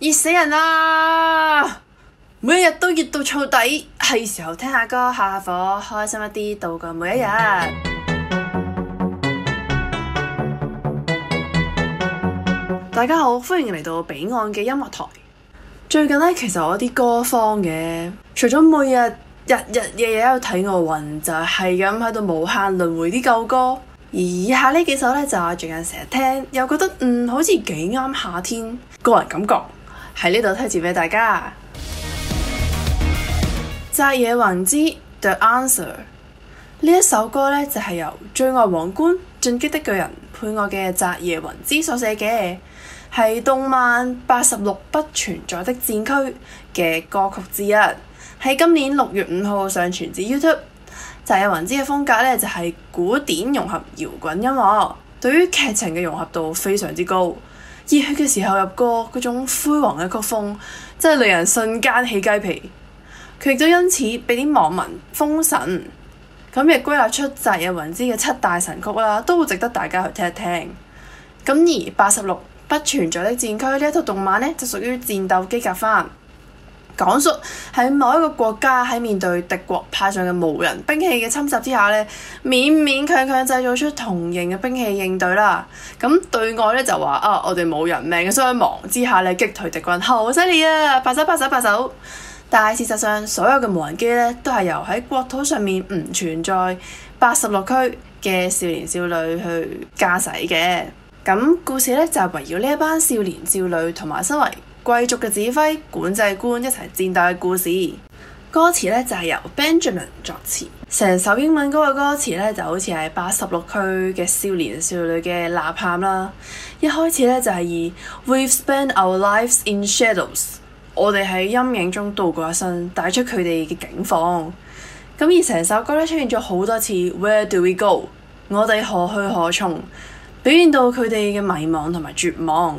熱死人啦！每一日都熱到燥底，係時候聽下歌下下火，開心一啲度過每一日。 大家好，歡迎嚟到彼岸嘅音樂台。最近呢，其實我啲歌荒嘅，除咗每日日日夜夜喺度睇奧運，就係咁喺度無限輪回啲舊歌。而以下呢幾首呢，就係最近成日聽，又覺得嗯好似幾啱夏天， 個人感覺。喺呢度推薦俾大家。澤野弘之《The Answer》呢一首歌呢，就係由最愛王冠、進擊的巨人配樂嘅澤野弘之所寫嘅，係動漫《八十六不存在的戰區》嘅歌曲之一，喺今年六月五號上傳至 YouTube。澤野弘之嘅風格呢，就係古典融合搖滾音樂，對於劇情嘅融合度非常之高。熱血嘅時候入歌嗰種灰黃嘅曲風，真係令人瞬間起雞皮。佢亦都因此俾啲網民封神。咁亦歸納出澤野弘之嘅七大神曲啦，都好值得大家去聽一聽。咁而八十六不存在的戰區呢一套動漫呢，就屬於戰鬥機甲番。講述喺某一個國家喺面對敵國派上嘅無人兵器嘅侵襲之下呢，勉勉強強製造出同型嘅兵器應對啦。咁對外咧就話啊，我哋冇人命嘅傷亡之下咧擊退敵軍，好犀利啊！拍手拍手拍手，拍手。但係事實上，所有嘅無人機呢，都係由喺國土上面唔存在八十六區嘅少年少女去駕駛嘅。咁故事咧就係、是、圍繞呢一班少年少女同埋身為貴族嘅指揮、管制官，一齊戰鬥嘅故事，歌詞呢就係由 Benjamin 作詞，成首英文歌嘅歌詞呢就好似係八十六區嘅少年少女嘅吶喊啦。一開始呢就係以 We’ve spent our lives in shadows，我哋喺陰影中度過一生，帶出佢哋嘅境況。咁而成首歌呢出現咗好多次，Where do we go？我哋何去何從？表現到佢哋嘅迷惘同埋絕望。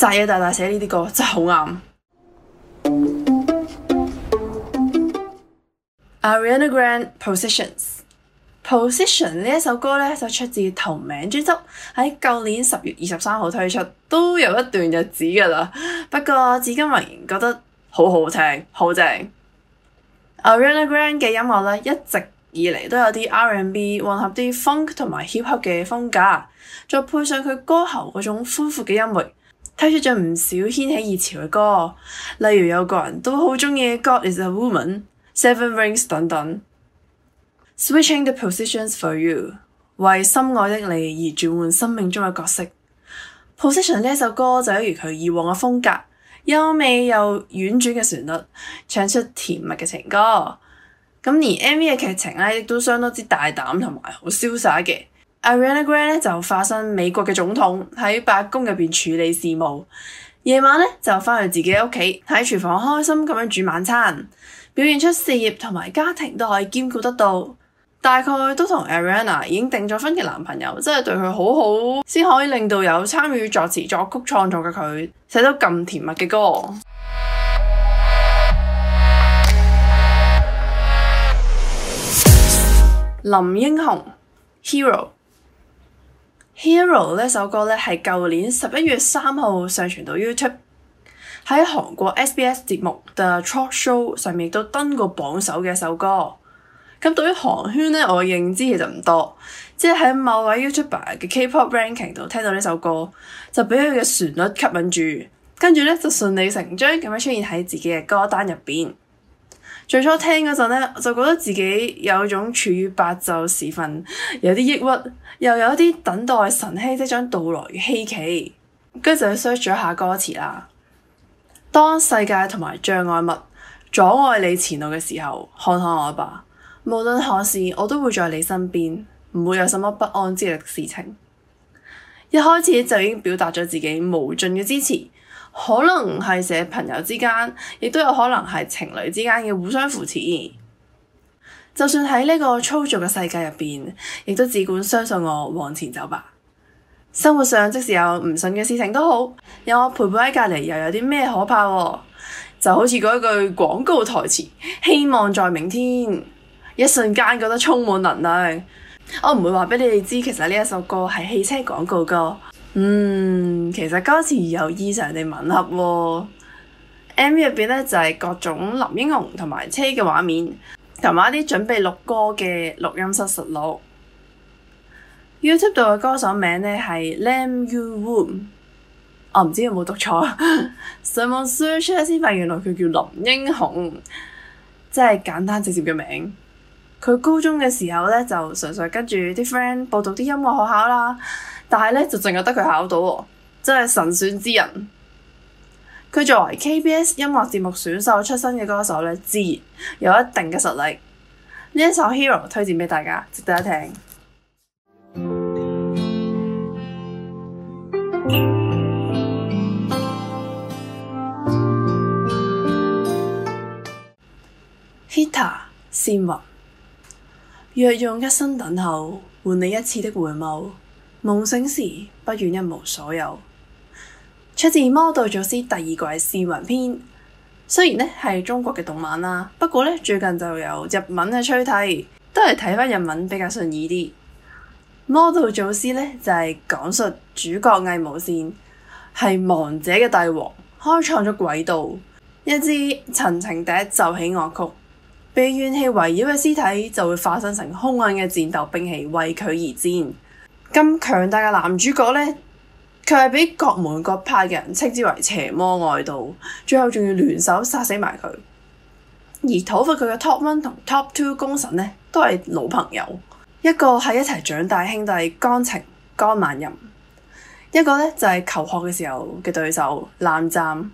大嘢，大大寫呢啲歌真係好啱。Ariana Grande《Positions》。《Positions》呢一首歌咧就出自同名專輯，喺舊年十月二十三號推出，都有一段日子噶啦。不過至今仍然覺得好好聽，好正。Ariana Grande 嘅音樂咧一直以嚟都有啲 R&B 混合啲 Funk 同埋 Hip Hop 嘅風格，再配上佢歌喉嗰種寬闊嘅音域。推出咗唔少掀起熱潮嘅歌，例如有個人都好鍾意《God Is A Woman》、《Seven Rings》等等。Switching the Positions for You 為心愛的你而轉換生命中嘅角色。Position 呢首歌就有如佢以往嘅風格，優美又婉轉嘅旋律，唱出甜蜜嘅情歌。咁而 MV 嘅劇情咧，亦都相當之大膽同埋好瀟灑嘅。Ariana Grande 咧就化身美國嘅總統喺白宮入邊處理事務，夜晚咧就翻去自己屋企喺廚房開心咁樣煮晚餐，表現出事業同埋家庭都可以兼顧得到。大概都同 Ariana 已經定咗婚嘅男朋友真係對佢好好，先可以令到有參與作詞作曲創作嘅佢寫到咁甜蜜嘅歌。林英雄 Hero。Hero 呢首歌咧係舊年十一月三號上傳到 YouTube，喺韓國 SBS 節目嘅 Talk Show 上面都登過榜首嘅一首歌。咁對於韓圈咧，我認知其實唔多，即係喺某位 YouTuber 嘅 K-pop Ranking 度聽到呢首歌，就俾佢嘅旋律吸引住，跟住咧就順理成章咁樣出現喺自己嘅歌單入邊。最初聽嗰陣咧，就覺得自己有種處於白晝時分，有啲抑鬱，又有啲等待晨曦即將到來嘅希冀，跟住就 search 咗下歌詞啦。當世界同埋障礙物阻礙你前路嘅時候，看看我吧，無論何時，我都會在你身邊，唔會有什麼不安之類嘅事情。一開始就已經表達咗自己無盡嘅支持。可能係寫朋友之間，亦都有可能係情侶之間嘅互相扶持。就算喺呢個粗俗嘅世界入邊，亦都只管相信我往前走吧。生活上即使有唔順嘅事情都好，有我陪伴喺隔籬，又有啲咩可怕啊？就好似嗰一句廣告台詞，希望在明天一瞬間覺得充滿能量。我唔會話俾你哋知，其實呢一首歌係汽車廣告歌。嗯，其實歌詞有異常地吻合喎，啊。MV 入邊呢，就係、是、各種林英雄同埋車嘅畫面，同埋一啲準備錄歌嘅錄音室實錄。YouTube 度嘅歌手名呢係 Lim Young Woong，我唔知有冇讀錯。 上網 search 下先發現原來佢叫林英雄，即係簡單直接嘅名。佢高中嘅時候呢，就純粹跟住啲 friend 報讀啲音樂學校啦。但係咧，就淨係得佢考到，真係神選之人。佢作為 KBS 音樂節目選秀出身嘅歌手咧，自然有一定嘅實力。呢一首《Hero》推薦俾大家，值得一聽。《HITA 》羨雲，若用一生等候換你一次的回眸。夢醒時，不願一無所有。出自《魔道祖師》第二季《羨雲篇》。雖然呢係中國嘅動漫啦，不過呢最近就有日文嘅催替，都係睇翻日文比較順耳啲。《魔道祖師》呢，就係、是、講述主角魏無羨係亡者嘅帝王，開創咗鬼道一支。陳情笛奏起樂曲，被怨氣圍繞嘅屍體就會化身成凶狠嘅戰鬥兵器，為佢而戰。咁強大嘅男主角呢，佢係俾各門各派嘅人稱之為邪魔外道，最後仲要聯手殺死埋佢。而討伐佢嘅 Top One 同 Top Two 功臣呢，都係老朋友，一個係一齊長大兄弟江澄、江晚吟，一個呢，就係、是、求學嘅時候嘅對手藍湛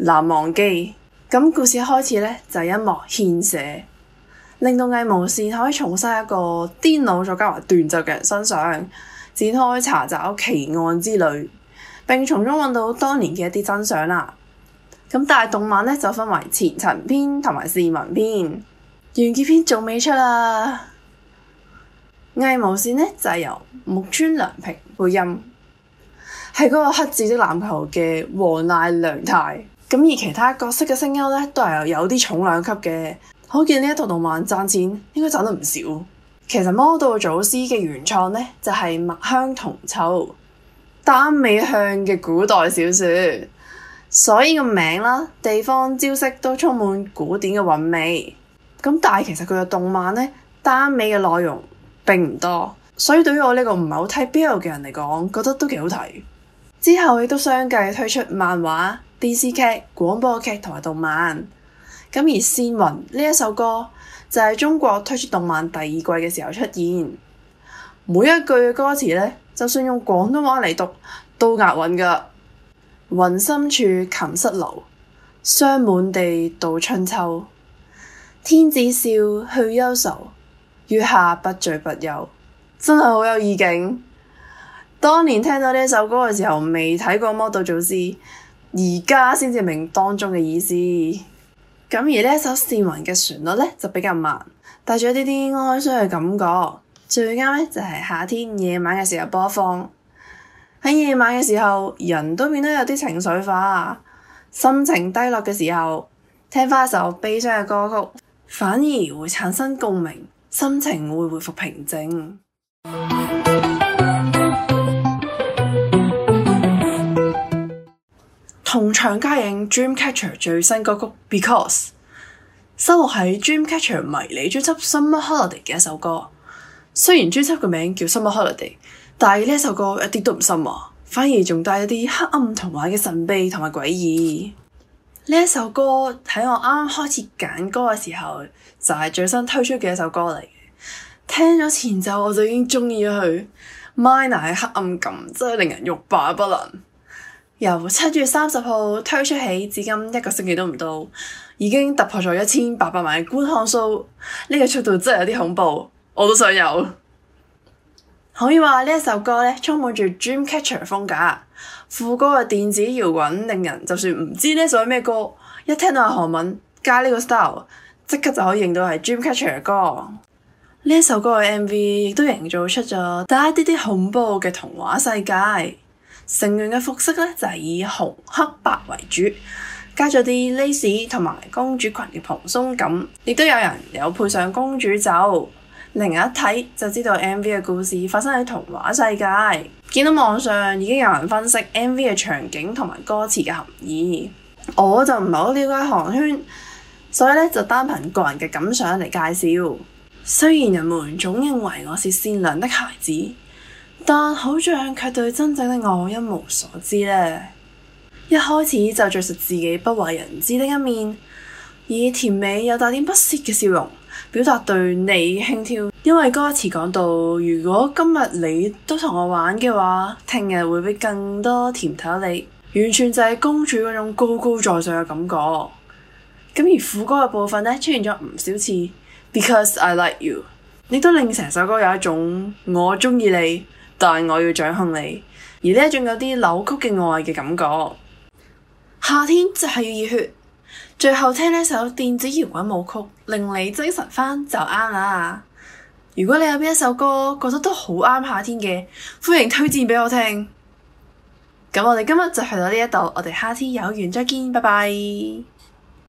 藍忘機。咁、嗯、故事開始呢，就係、一幕獻舍，令到魏無羨可以重生一個癲佬再加埋斷袖嘅人身上。展開查找奇案之旅，並從中揾到當年嘅一啲真相啦。咁但係動漫呢，就分為前塵篇同埋羨雲篇，完結篇仲未出啦。魏無羨呢，就係、由木村良平配音，係嗰個黑子的籃球嘅黃瀨涼太。咁而其他角色嘅聲優呢，都係有有啲重量級嘅，可見呢一套動漫賺錢應該賺得唔少。其實《魔道祖師》嘅原創呢，就係《墨香銅臭》耽美向嘅古代小說，所以個名啦、地方、招式都充滿古典嘅韻味。咁但係其實佢嘅動漫呢，耽美嘅內容並唔多，所以對於我呢個唔係好睇 BL 嘅人嚟講，覺得都幾好睇。之後亦都相繼推出漫畫、電視劇、廣播劇同埋動漫。咁而《羨雲》呢一首歌就係、是、中國推出動漫第二季嘅時候出現，每一句嘅歌詞呢，就算用廣東話嚟讀都押韻㗎。雲深處琴瑟流，霜滿地度春秋。天子笑去憂愁，月下不醉不休，真係好有意境。當年聽到呢一首歌嘅時候，未睇過《魔道祖師》，而家先至明當中嘅意思。咁而呢一首《羨雲》嘅旋律咧就比較慢，帶住一啲啲哀傷嘅感覺。最啱咧就係、是、夏天夜晚嘅時候播放。喺夜晚嘅時候，人都變得有啲情緒化，心情低落嘅時候，聽翻一首悲傷嘅歌曲，反而會產生共鳴，心情會恢復平靜。 同場加映《Dreamcatcher》最新歌曲《Because》，收錄喺《Dreamcatcher》迷你專輯《Summer Holiday》嘅一首歌。雖然專輯嘅名叫《Summer Holiday》，但係呢首歌一啲都唔 summer 啊，反而仲帶一啲黑暗童話嘅神秘同埋詭異。呢一首歌喺我啱啱開始揀歌嘅時候，就係最新推出嘅一首歌嚟。聽咗前奏我就已經中意咗佢，minor 嘅黑暗感真係令人欲罷不能。由七月三十號推出起，至今一個星期都唔到，已經突破咗一千八百萬嘅觀看數，呢個速度真係有啲恐怖，我都想有。可以話呢一首歌咧，充滿住 Dreamcatcher 風格，副歌嘅電子搖滾令人，就算唔知呢首係咩歌，一聽到係韓文加呢個 style，即刻就可以認到係 Dreamcatcher 嘅歌。呢一首歌嘅 MV 亦都營造出咗帶一啲啲恐怖嘅童話世界。成員嘅服飾呢，就係以紅、黑、白為主，加咗啲蕾絲同埋公主裙嘅蓬鬆感，亦都有人有配上公主袖。另一睇就知道 MV 嘅故事發生喺童話世界。見到網上已經有人分析 MV 嘅場景同埋歌詞嘅含義，我就唔係好了解韓圈，所以呢，就單憑個人嘅感想嚟介紹。雖然人們總認為我是善良的孩子。但好像卻對真正的我一無所知呢。一開始就著實自己不為人知的一面，以甜美又帶點不屑嘅笑容，表達對你輕佻。因為歌詞講到，如果今日你都同我玩嘅話，聽日會俾更多甜頭你。完全就係公主嗰種高高在上嘅感覺。咁而副歌嘅部分呢，出現咗唔少次，Because I like you，亦都令成首歌有一種我中意你，但係我要掌控你，而呢一種有啲扭曲嘅愛嘅感覺。夏天就係要熱血，最後聽呢首電子搖滾舞曲，令你精神返就啱啦。如果你有邊一首歌覺得都好啱夏天嘅，歡迎推薦俾我聽。咁我哋今日就去到呢一度，我哋下次有緣再見，拜拜。